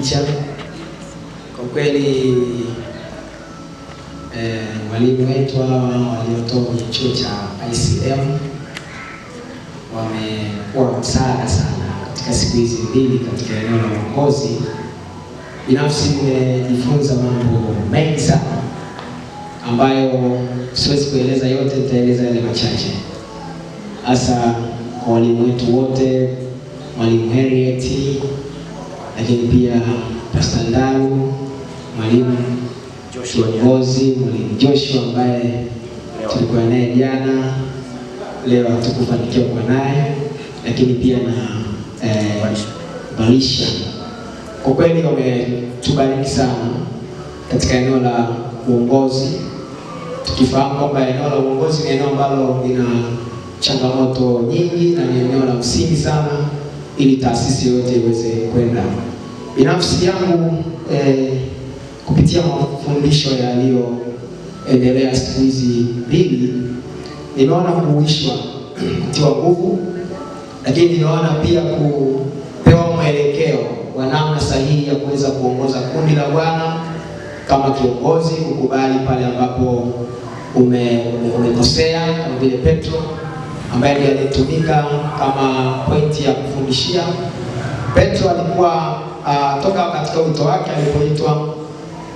teacher. Kwa kweli eh, walimu wetu hawa waliotoka kwenye chuo cha ICM wamekuwa msaada sana katika siku hizi mbili katika eneo la uongozi. Binafsi nimejifunza mambo mengi sana ambayo siwezi kueleza yote, nitaeleza yale machache, hasa kwa walimu wetu wote, mwalimu Henrieti lakini pia Pastor Ndau, mwalimu kiongozi, mwalimu Joshua ambaye tulikuwa naye jana, leo hatukufanikiwa kuwa naye, lakini pia na eh, kwa kweli wametubariki sana katika eneo la uongozi, tukifahamu kwamba eneo la uongozi ni eneo ambalo lina changamoto nyingi na ni eneo la msingi sana ili taasisi yote iweze kwenda Binafsi yangu eh, kupitia mafundisho yaliyoendelea siku hizi mbili, nimeona kuishwa kutiwa nguvu, lakini nimeona pia kupewa mwelekeo wa namna sahihi ya kuweza kuongoza kundi la Bwana kama kiongozi, kukubali pale ambapo ume, umekosea kama vile Petro ambaye ndiye alitumika kama pointi ya kufundishia. Petro alikuwa uh, toka katika wito wake alipoitwa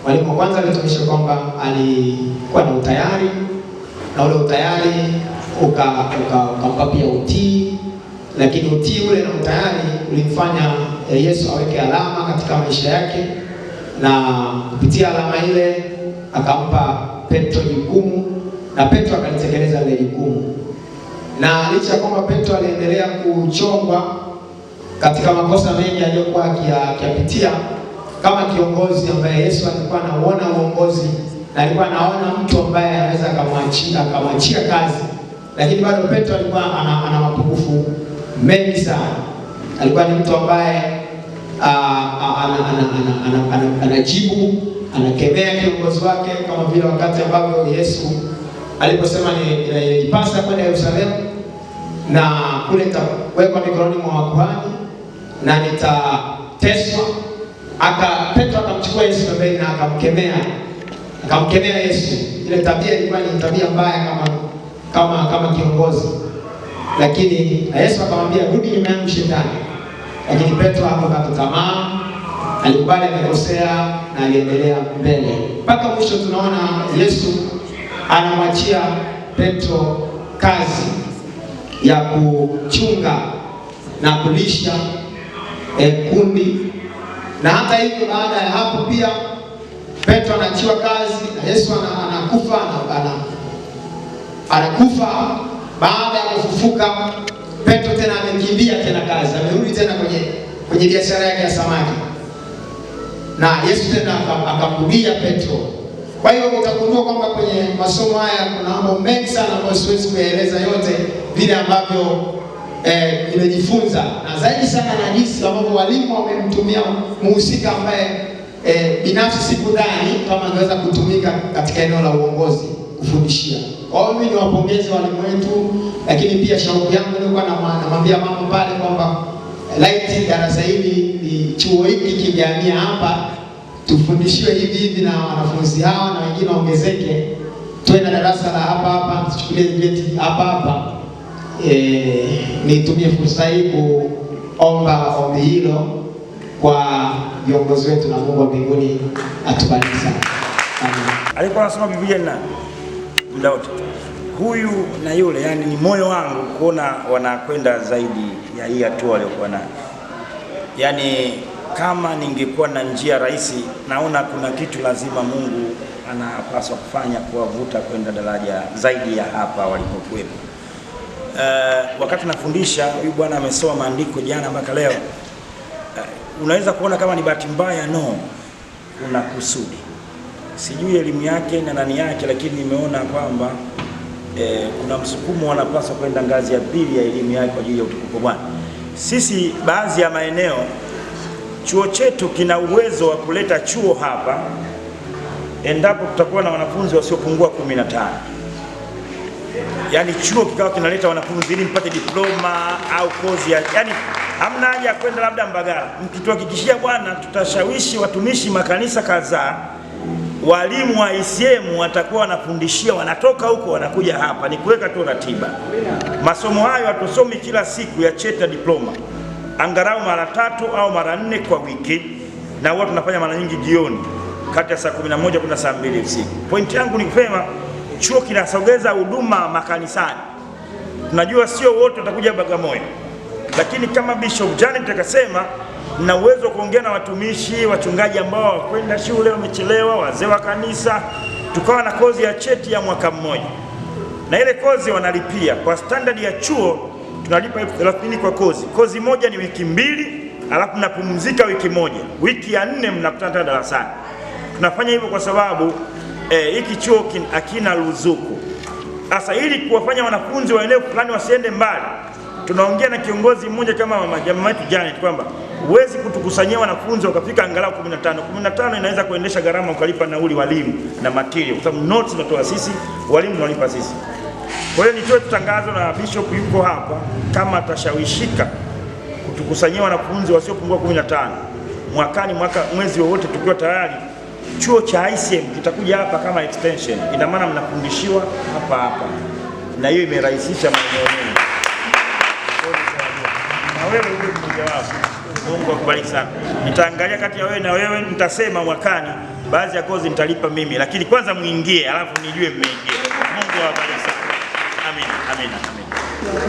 mwalimu wa kwanza alitumisha kwamba alikuwa na utayari na ule utayari ukampa uka, uka pia utii, lakini utii ule na utayari ulimfanya Yesu aweke alama katika maisha yake, na kupitia alama ile akampa Petro jukumu na Petro akalitekeleza ile jukumu, na licha ya kwamba Petro aliendelea kuchongwa katika makosa mengi aliyokuwa akiyapitia kama kiongozi ambaye Yesu alikuwa anaona uongozi na alikuwa anaona mtu ambaye anaweza akamwachia akamwachia kazi, lakini bado Petro alikuwa ana, ana mapungufu mengi sana. Alikuwa ni mtu ambaye anajibu anakemea kiongozi wake, kama vile wakati ambavyo Yesu aliposema ni ipasa kwenda Yerusalemu na kule itawekwa mikononi mwa wakuhani na nitateswa. Aka Petro akamchukua Yesu pembeni na akamkemea, akamkemea Yesu. Ile tabia ilikuwa ni tabia mbaya kama kama kama kiongozi, lakini Yesu akamwambia, rudi nyuma yangu Shetani. Lakini Petro hakukata tamaa, alikubali amekosea na aliendelea mbele mpaka mwisho. Tunaona Yesu anamwachia Petro kazi ya kuchunga na kulisha e, kundi. Na hata hivyo baada ya hapo pia Petro anaachiwa kazi na Yesu anakufa ana, anakufa baada ya kufufuka Petro tena amekimbia tena kazi, amerudi tena kwenye kwenye biashara yake ya samaki, na Yesu tena akamrudia Petro. Kwa hiyo utagundua kwamba kwenye masomo haya kuna mambo mengi sana ambayo siwezi kuyaeleza yote vile ambavyo eh, nimejifunza na zaidi sana na jinsi ambavyo walimu wamemtumia muhusika ambaye eh, binafsi sikudhani kama angeweza kutumika katika eneo la uongozi kufundishia. Kwa hiyo mimi niwapongeze walimu wetu, lakini pia shauku yangu nilikuwa namwambia mama pale kwamba eh, laiti darasa hili ni chuo hiki kigamia hapa tufundishiwe hivi hivi na wanafunzi hawa na wengine waongezeke, tuwe na darasa la hapa hapa tuchukulie vyeti hapa hapa e, nitumie fursa hii kuomba ombi hilo kwa viongozi wetu na Mungu wa mbinguni atubariki sana. Alikuwa anasoma Biblia na muda wote huyu na yule, yani ni moyo wangu kuona wanakwenda zaidi ya hii hatua waliokuwa nayo, yani kama ningekuwa na njia rahisi, naona kuna kitu lazima Mungu anapaswa kufanya kuwavuta kwenda daraja zaidi ya hapa walipokuwepo. Uh, wakati nafundisha huyu bwana amesoma maandiko jana mpaka leo. Uh, unaweza kuona kama ni bahati mbaya, no, kuna kusudi. Sijui elimu yake na nani yake, lakini nimeona kwamba eh, kuna msukumo, wanapaswa kwenda ngazi ya pili ya elimu yake kwa ajili ya utukufu Bwana. Sisi baadhi ya maeneo chuo chetu kina uwezo wa kuleta chuo hapa endapo tutakuwa na wanafunzi wasiopungua kumi na tano yani chuo kikawa kinaleta wanafunzi ili mpate diploma au kozi ya, yani hamna haja ya kwenda labda Mbagala. Mkituhakikishia bwana, tutashawishi watumishi makanisa kadhaa, walimu wa ICM watakuwa wanafundishia, wanatoka huko wanakuja hapa, ni kuweka tu ratiba. Masomo hayo hatusomi kila siku ya cheta diploma, angalau mara tatu au mara nne kwa wiki, na huwa tunafanya mara nyingi jioni kati ya saa 11 na saa 2 usiku. Pointi yangu ni kusema chuo kinasogeza huduma makanisani. Tunajua sio wote watakuja Bagamoyo, lakini kama Bishop Janet akasema na uwezo wa kuongea na watumishi wachungaji ambao wakwenda shule, wamechelewa, wazee wa kanisa, tukawa na kozi ya cheti ya mwaka mmoja, na ile kozi wanalipia kwa standard ya chuo, tunalipa elfu thelathini kwa kozi. Kozi moja ni wiki mbili, alafu mnapumzika wiki moja, wiki ya nne mnakutana darasani. Tunafanya hivyo kwa sababu Eh, hiki e, chuo hakina ruzuku. Sasa ili kuwafanya wanafunzi wa eneo fulani wasiende mbali, tunaongea na kiongozi mmoja kama mama yetu Janet kwamba huwezi kutukusanyia wanafunzi wakafika angalau 15. 15 inaweza kuendesha gharama ukalipa nauli walimu na material, kwa sababu notes tunatoa sisi, walimu tunalipa sisi. Kwa hiyo nitoe tangazo, na bishop yuko hapa, kama atashawishika kutukusanyia wanafunzi wasiopungua 15 mwakani, mwaka mwezi wowote tukiwa tayari chuo cha ICM kitakuja hapa kama extension, ina maana mnafundishiwa hapa hapa, na hiyo imerahisisha maeneo mengi. Na wewe ndio mmoja wapo, Mungu akubariki sana. Nitaangalia kati ya wewe na wewe, nitasema mwakani baadhi ya kozi nitalipa mimi, lakini kwanza muingie, alafu nijue mmeingia. Mungu awabariki sana. Amina, amina, amina.